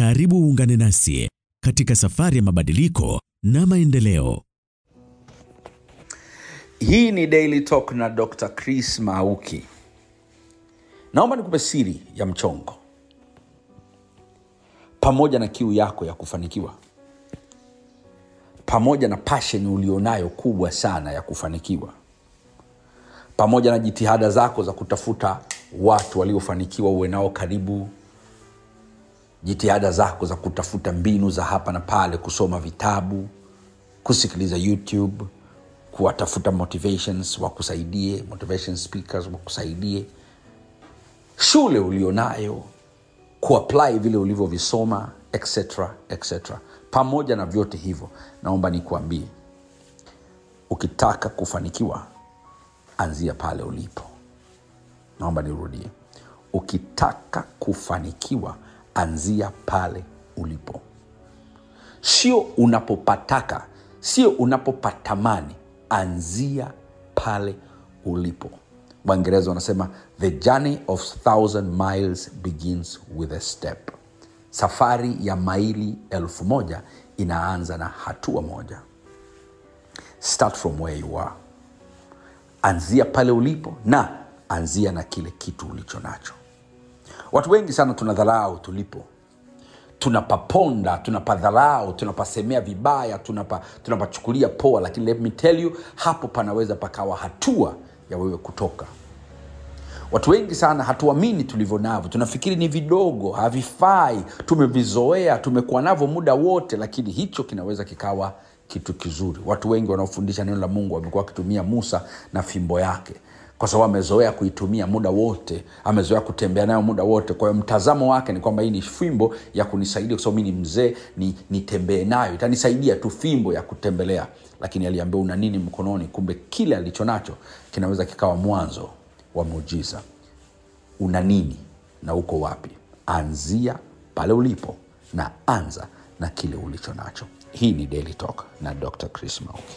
Karibu uungane nasi katika safari ya mabadiliko na maendeleo. Hii ni Daily Talk na Dr. Chris Mauki. Naomba nikupe siri ya mchongo pamoja na kiu yako ya kufanikiwa, pamoja na passion ulionayo kubwa sana ya kufanikiwa, pamoja na jitihada zako za kutafuta watu waliofanikiwa uwe nao karibu jitihada zako za kutafuta mbinu za hapa na pale, kusoma vitabu, kusikiliza YouTube, kuwatafuta motivations wakusaidie, motivation speakers wakusaidie, shule ulionayo kuapply vile ulivyovisoma etc etc. Pamoja na vyote hivyo, naomba nikuambie, ukitaka kufanikiwa anzia pale ulipo. Naomba nirudie, ukitaka kufanikiwa anzia pale ulipo, sio unapopataka, sio unapopatamani. Anzia pale ulipo. Waingereza wanasema the journey of thousand miles begins with a step, safari ya maili elfu moja inaanza na hatua moja. Start from where you are, anzia pale ulipo, na anzia na kile kitu ulicho nacho watu wengi sana tunadharau tulipo tunapaponda tunapadharau tunapasemea vibaya tunapa, tunapachukulia poa lakini let me tell you hapo panaweza pakawa hatua ya wewe kutoka watu wengi sana hatuamini tulivyo navyo tunafikiri ni vidogo havifai tumevizoea tumekuwa navyo muda wote lakini hicho kinaweza kikawa kitu kizuri watu wengi wanaofundisha neno la mungu wamekuwa wakitumia musa na fimbo yake kwa sababu amezoea kuitumia muda wote amezoea kutembea nayo muda wote kwa hiyo mtazamo wake ni kwamba hii ni fimbo ya kunisaidia kwa sababu mi ni mzee ni, nitembee nayo itanisaidia tu fimbo ya kutembelea lakini aliambia una nini mkononi kumbe kile alicho nacho kinaweza kikawa mwanzo wa muujiza una nini na uko wapi anzia pale ulipo na anza na kile ulicho nacho hii ni daily talk na dr chris mauki